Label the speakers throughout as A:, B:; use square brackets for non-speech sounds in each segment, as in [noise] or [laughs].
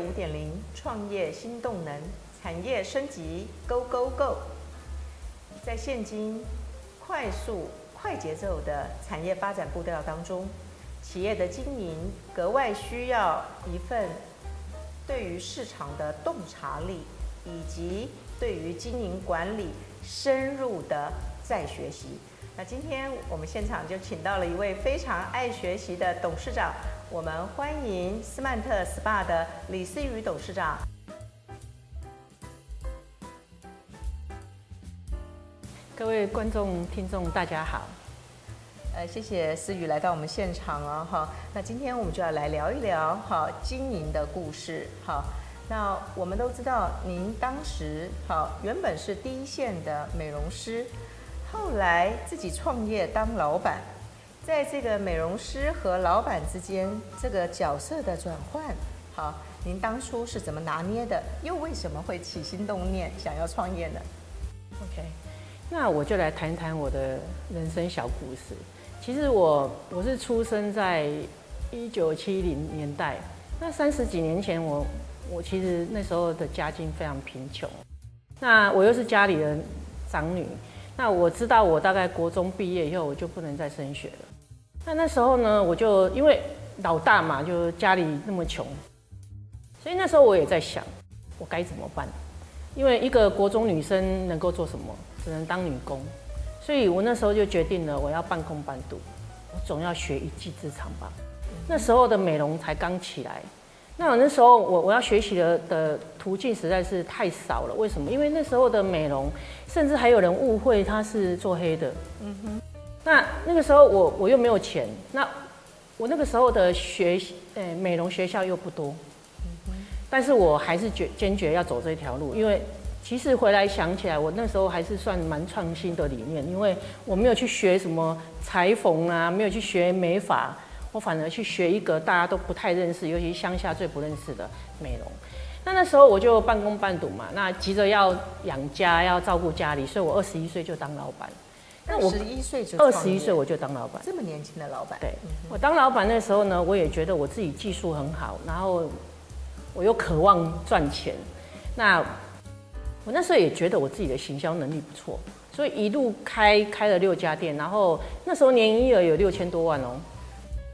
A: 五點零創業新動能，產業升級，Go Go Go！在現今快速、快節奏的產業發展步調當中，企業的經營格外需要一份對於市場的洞察力，以及對於經營管理深入的再學習。那今天我們現場就請到了一位非常愛學習的董事長。我們歡迎斯曼特 SPA 的李思瑀董事長。各位觀眾、聽眾，大家好。呃，謝謝思瑀來到我們現場啊、哦。好。那今天我們就要來聊一聊好經營的故事好。那我們都知道，您當時好原本是第一線的美容師，後來自己創業當老闆。在這個美容師和老闆之間，這個角色的轉換，好，您當初是怎麼拿捏的？又為什麼會起心動念想要創業呢？OK，
B: 那我就來談一談我的人生小故事。其實我我是出生在一九七零年代，那三十幾年前我，我我其實那時候的家境非常貧窮。那我又是家裡人長女，那我知道我大概國中畢業以後，我就不能再升學了。那那時候呢，我就因為老大嘛，就家裡那麼窮，所以那時候我也在想，我該怎麼辦？因為一個國中女生能夠做什麼？只能當女工，所以我那時候就決定了，我要半工半讀，我總要學一技之長吧。嗯哼。那時候的美容才剛起來，那我那時候我我要學習的的途徑實在是太少了。為什麼？因為那時候的美容，甚至還有人誤會他是做黑的。嗯哼。那那個時候我我又沒有錢，那我那個時候的學誒、欸、美容學校又不多，嗯、哼但是我還是決堅決要走這條路，因為其實回來想起來，我那時候還是算蠻創新的理念，因為我沒有去學什麼裁縫啊，沒有去學美髮，我反而去學一個大家都不太認識，尤其鄉下最不認識的美容。那那時候我就半工半讀嘛，那急着要養家要照顧家裡，所以我二十一歲就當老板。
A: 二十一歲我
B: 就當老板，這
A: 麼年輕的老板。對、
B: 嗯、哼我當老板那時候呢，我也覺得我自己技術很好，然後我又渴望賺錢。那我那時候也覺得我自己的行銷能力不錯，所以一路開開了六家店，然後那時候年營業額有六千多萬哦、喔。哇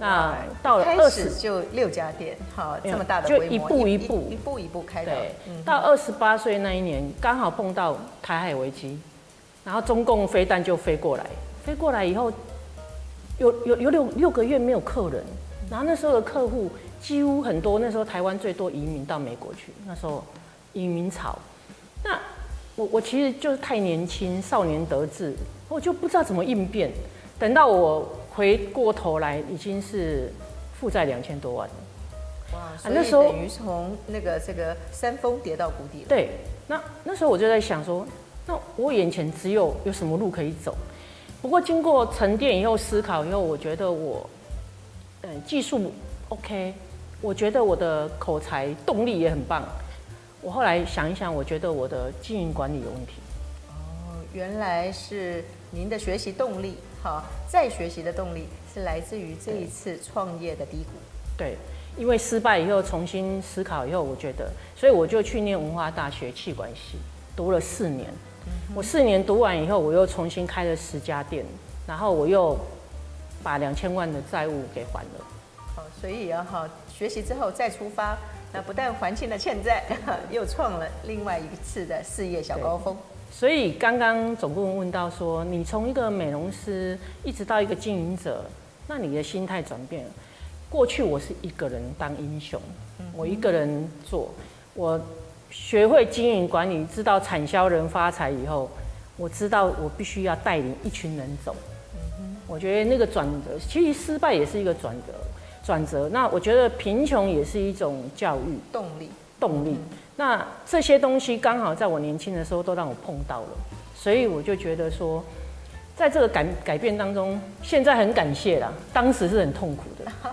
B: 那到了二十就
A: 六家店，好，有這麼大的就一步一步一,一,一步一步開對，
B: 嗯、哼到二十八歲那一年，剛好碰到台海危機。然後中共飛彈就飛過來，飛過來以後，有有有六六個月沒有客人。然後那時候的客戶幾乎很多，那時候台灣最多移民到美國去，那時候移民潮。那我我其實就是太年輕，少年得志，我就不知道怎麼應變。等到我回過頭來，已經是負債兩千多萬
A: 了。哇！所以等於從那個這個山峰跌到谷底，啊。對。那
B: 那時候我就在想說。那我眼前只有有什麼路可以走？不過，經過沉澱以後、思考以後，我覺得我，欸、技術 OK，我覺得我的口才、動力也很棒。我後來想一想，我覺得我的經營管理有問題。
A: 哦，原來是您的學習動力，哈，再學習的動力是來自於這一次創業的低谷。
B: 對，因為失敗以後重新思考以後，我覺得，所以我就去念文化大學企管系，讀了四年。我四年讀完以後，我又重新開了十家店，然後我又把兩千萬的債務給還了。
A: 好，所以啊、哦、好，學習之後再出發，那不但還清了欠債，又創了另外一次的事業小高峰。
B: 所以剛剛總顧問問到說，你從一個美容師一直到一個經營者，那你的心態轉變了？過去我是一個人當英雄，我一個人做，我。學會經營管理，知道產銷人發財以後，我知道我必須要帶領一群人走。嗯哼，我覺得那個轉折，其實失敗也是一個轉折。轉折，那我覺得貧窮也是一種教育動力，動力。嗯，那這些東西剛好在我年輕的時候都讓我碰到了，所以我就覺得說，在這個改改變當中，現在很感謝啦，當時是很痛苦的。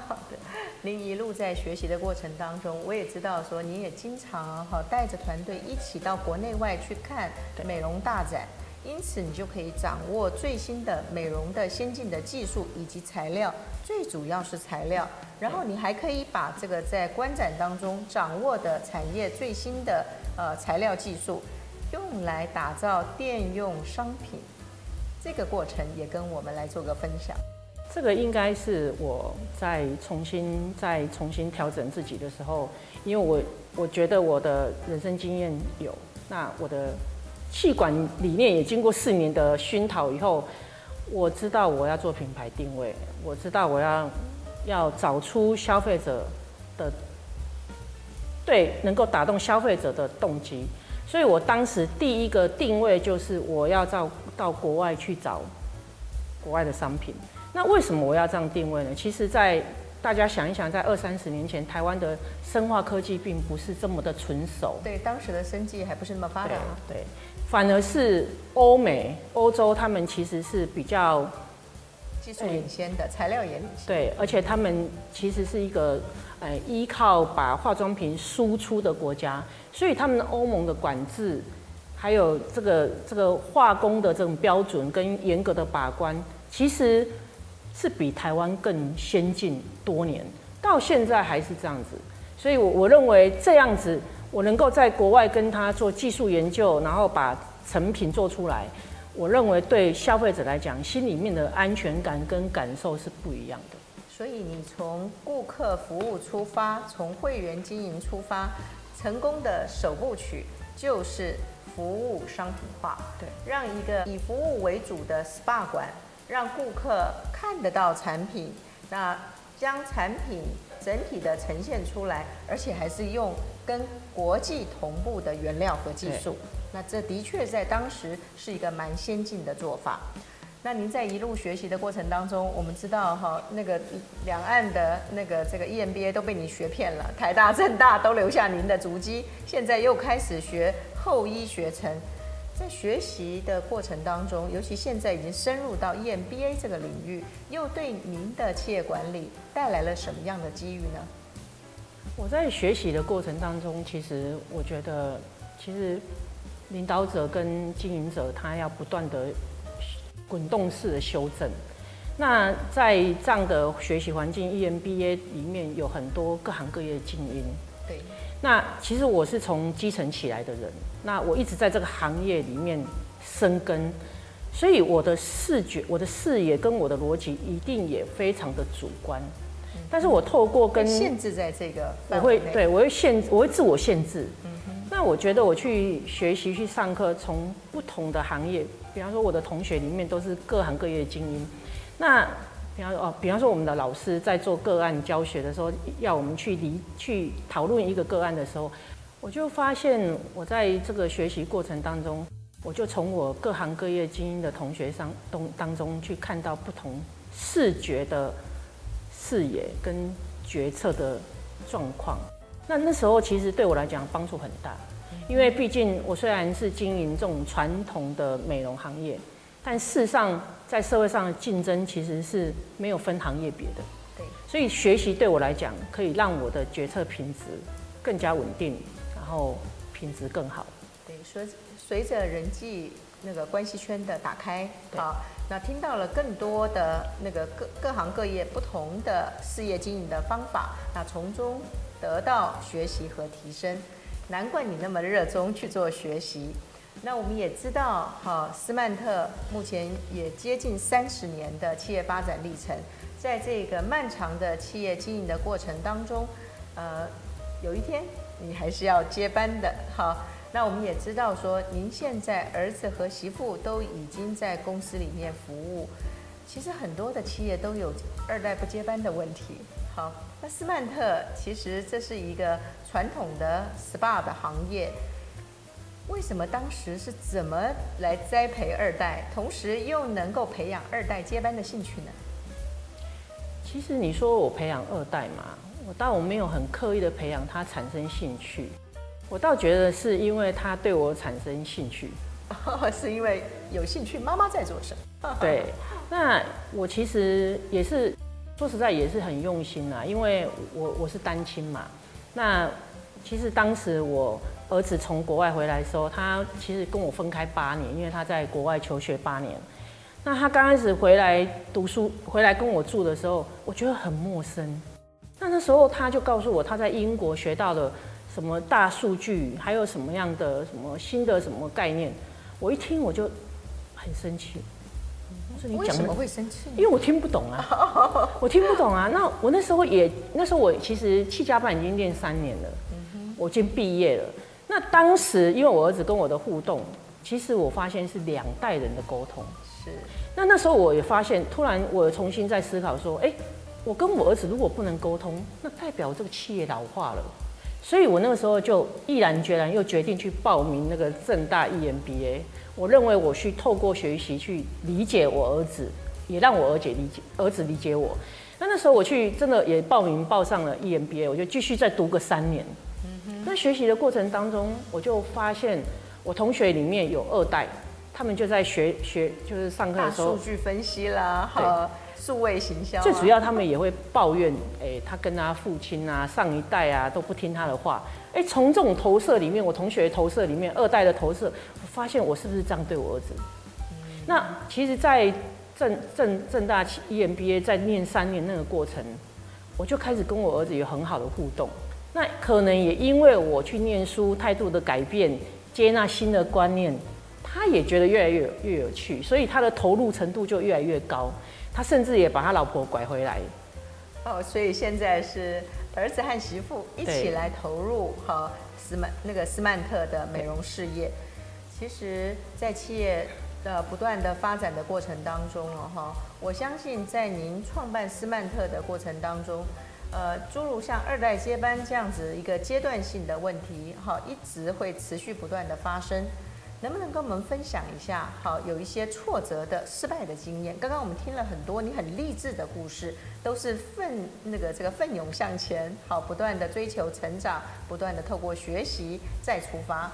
A: 您一路在學習的過程當中，我也知道說，你也經常哈帶着團隊一起到國內外去看美容大展，對因此你就可以掌握最新的美容的先進的技術以及材料，最主要是材料。然後你還可以把這個在觀展當中掌握的產業最新的呃材料技術，用來打造電用商品，這個過程也跟我們來做個分享。
B: 這個應該是我在重新，再重新調整自己的時候，因為我我覺得我的人生經驗有，那我的企管理念也經過四年的熏陶以後，我知道我要做品牌定位，我知道我要要找出消費者的對，能夠打動消費者的動機，所以我當時第一個定位就是我要到到國外去找國外的商品。那為什麼我要這樣定位呢？其實，在大家想一想，在二三十年前，台灣的生化科技並不是這麼的純熟，
A: 對當時的生技還不是那麼發達、啊，
B: 對，反而是歐美、歐洲他們其實是比較
A: 技術領先的、嗯、材料也領
B: 先對，而且他們其實是一個呃依靠把化妝品輸出的國家，所以他們歐盟的管制，還有這個這個化工的這種標準跟嚴格的把關，其實，是比台灣更先進多年，到現在還是這樣子，所以我，我我認為這樣子，我能夠在國外跟他做技術研究，然後把成品做出來，我認為對消費者來講，心裡面的安全感跟感受
A: 是不一樣的。所以，你從顧客服務出發，從會員經營出發，成功的首部曲就是服務商品化，對，讓一個以服務為主的 SPA 館。讓顧客看得到產品，那將產品整體的呈現出來，而且還是用跟國際同步的原料和技術，對那這的確在當時是一個蠻先進的做法。那您在一路學習的過程當中，我們知道哈、哦，那個兩岸的那個這個 EMBA 都被你學遍了，台大、政大都留下您的足跡，現在又開始學後醫學程。在學習的過程當中，尤其現在已經深入到 EMBA 這個領域，又對您的企業管理帶來了什麼樣的機遇呢？
B: 我在學習的過程當中，其實我覺得，其實領導者跟經營者他要不斷的滾動式的修正。那在這樣的學習環境 EMBA 裡面，有很多各行各業的精英。對，那其實我是從基層起來的人，那我一直在這個行業裡面深耕，所以我的視覺、我的視野跟我的邏輯一定也非常的主觀，嗯、哼但是我透過跟限
A: 制在這個，我會對
B: 我會限，我會自我限制。嗯、哼那我覺得我去學習去上課，從不同的行業，比方說我的同學裡面都是各行各業的精英，那。比方說，哦，比方說，我們的老師在做個案教學的時候，要我們去理去討論一個個案的時候，我就發現，我在這個學習過程當中，我就從我各行各業精英的同學上，當當中去看到不同視覺的視野跟決策的狀況。那那時候其實對我來講幫助很大，因為畢竟我雖然是經營這種傳統的美容行業，但事實上，在社會上的競爭其實是沒有分行業別的，對，所以學習對我來講可以讓我的決策品質更加穩定，然後品質更好。
A: 對，隨，隨着人際那個關係圈的打開啊對，那聽到了更多的那個各各行各業不同的事業經營的方法，那從中得到學習和提升，難怪你那麼熱衷去做學習。那我們也知道，哈、哦、斯曼特目前也接近三十年的企業發展歷程，在這個漫長的企業經營的過程當中，呃，有一天你還是要接班的，好。那我們也知道說，您現在兒子和媳婦都已經在公司裡面服務，其實很多的企業都有二代不接班的問題。好，那斯曼特其實這是一個傳統的 SPA 的行業。為什麼當時是怎麼來栽培二代，同時又能夠培養二代接班的興趣呢？
B: 其實你說我培養二代嘛，我倒我沒有很刻意的培養他產生興趣，我倒覺得是因為他對我產生興趣，
A: [laughs] 是因為有興趣媽媽在做什麼？
B: [laughs] 對，那我其實也是說實在也是很用心啊，因為我我是單親嘛，那其實當時我。兒子從國外回來的時候，他其實跟我分開八年，因為他在國外求學八年。那他剛開始回來讀書，回來跟我住的時候，我覺得很陌生。那那時候他就告訴我他在英國學到的什麼大數據，還有什麼樣的什麼新的什麼概念。我一聽我就很生氣。我說你講為什麼會生氣？因為我聽不懂啊，我聽不懂啊。那我那時候也那時候我其實企家班已經練三年了，我已經畢業了。那當時，因為我兒子跟我的互動，其實我發現是兩代人的溝通。是。那那時候我也發現，突然我重新在思考說，哎、欸，我跟我兒子如果不能溝通，那代表這個企業老化了。所以我那個時候就毅然決然又決定去報名那個政大 EMBA。我認為我去透過學習去理解我兒子，也讓我兒子理解兒子理解我。那那時候我去真的也報名報上了 EMBA，我就繼續再讀個三年。那學習的過程當中，我就發現我同學裡面有二代，他們就在學學，就是上課的時候，數據
A: 分析啦好、對、數位行銷、啊。最主要他
B: 們也會抱怨，哎、欸，他跟他父親啊、上一代啊都不聽他的話。哎、欸，從這種投射裡面，我同學投射裡面二代的投射，我發現我是不是這樣對我兒子？嗯、那其實，在政政政大 EMBA 在念三年那個過程，我就開始跟我兒子有很好的互動。那可能也因為我去念書態度的改變，接納新的觀念，他也覺得越來越越有趣，所以他的投入程度就越來越高。他甚至也把他老婆拐回來。
A: 哦，所以現在是兒子和媳婦一起來投入和斯曼那個斯曼特的美容事業。Okay. 其實，在企業的不斷的發展的過程當中，哦哈，我相信在您創辦斯曼特的過程當中。呃，諸如像二代接班這樣子一個階段性的問題，好，一直會持續不斷的發生。能不能跟我們分享一下？好，有一些挫折的失敗的經驗。剛剛我們聽了很多你很勵志的故事，都是奮那個這個奮勇向前，好，不斷的追求成長，不斷的透過學習再出發。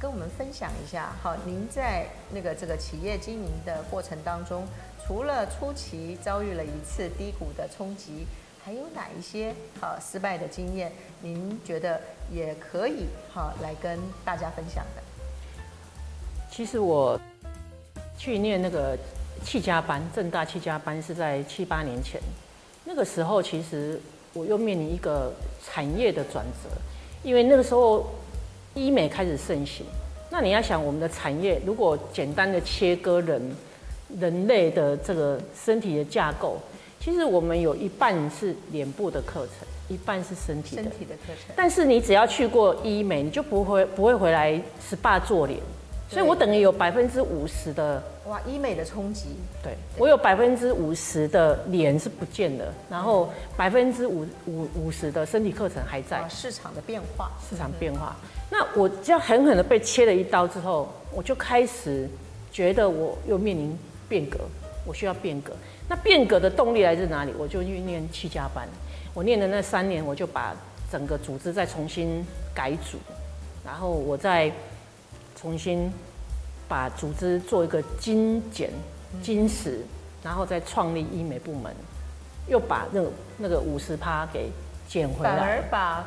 A: 跟我們分享一下，好，您在那個這個企業經營的過程當中，除了初期遭遇了一次低谷的衝擊。還有哪一些好失敗的經驗，您覺得也可以哈來跟大家分享的？
B: 其實我去念那個企家班，政大企家班是在七八年前，那個時候其實我又面臨一個產業的轉折，因為那個時候醫美開始盛行，那你要想我們的產業如果簡單的切割人人類的這個身體的架構。其實我們有一半是臉部的課程，一半是身體的身體的課程。但是你只要去過醫美，你就不會不會回來 SPA 做臉。對所以我等於有百分之五十的
A: 哇醫美的衝擊。對，對
B: 我有百分之五十的臉是不見的，嗯、然後百分之五五五十的身體課程還在。啊、市場的變化，市場變化。嗯、哼那我就狠狠的被切了一刀之後，我就開始覺得我又面臨變革，我需要變革。那變革的動力來自哪裡？我就去念企家班，我念的那三年，我就把整個組織再重新改組，然後我再重新把組織做一個精簡、精實，然後再創立醫美部門，又把那個那個五十趴給撿回來，反而
A: 把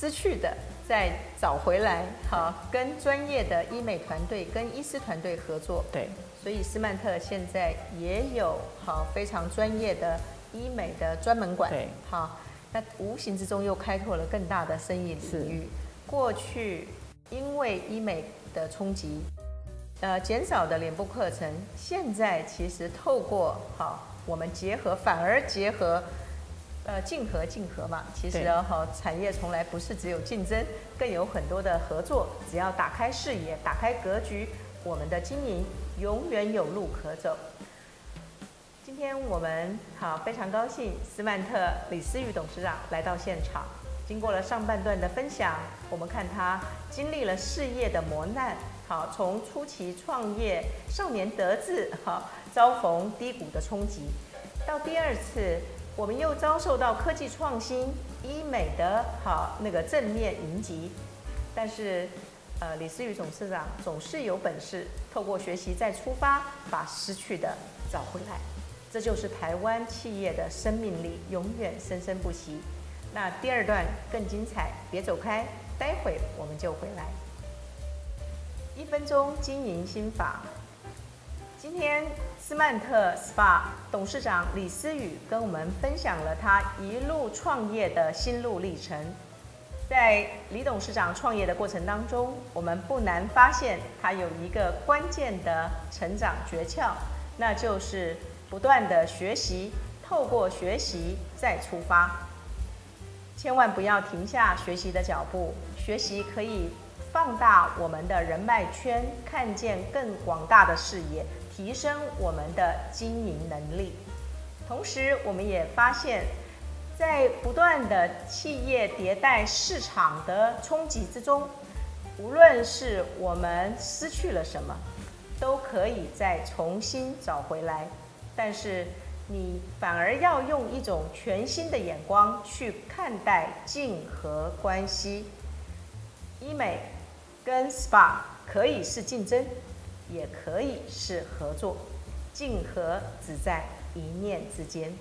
A: 失去的再找回來。好，跟專業的醫美團隊、跟醫師團隊合作。對。所以斯曼特現在也有好非常專業的醫美的專門館，好對，那無形之中又開拓了更大的生意領域。是過去因為醫美的衝擊，呃，減少的臉部課程，現在其實透過好、哦、我們結合，反而結合，呃，競合競合嘛。其實好對、哦、產業從來不是只有競爭，更有很多的合作。只要打開視野，打開格局，我們的經營。永遠有路可走。今天我們好非常高興，斯曼特李思瑀董事長來到現場。經過了上半段的分享，我們看他經歷了事業的磨難，好從初期創業、少年得志，好遭逢低谷的衝擊，到第二次，我們又遭受到科技創新、醫美的好那個正面迎擊，但是。呃，李思瑀董事長總是有本事，透過學習再出發，把失去的找回來，這就是台灣企業的生命力，永遠生生不息。那第二段更精彩，別走開，待會我們就回來。一分鐘經營心法，今天斯曼特 SPA 董事長李思瑀跟我們分享了他一路創業的心路歷程。在李董事長創業的過程當中，我們不難發現他有一個關鍵的成長訣竅，那就是不斷的學習，透過學習再出發，千萬不要停下學習的腳步。學習可以放大我們的人脈圈，看見更廣大的視野，提升我們的經營能力。同時我們也發現。在不斷的企業迭代、市場的衝擊之中，無論是我們失去了什麼，都可以再重新找回來。但是，你反而要用一種全新的眼光去看待競合關係。醫美跟 SPA 可以是競爭，也可以是合作，競合只在一念之間。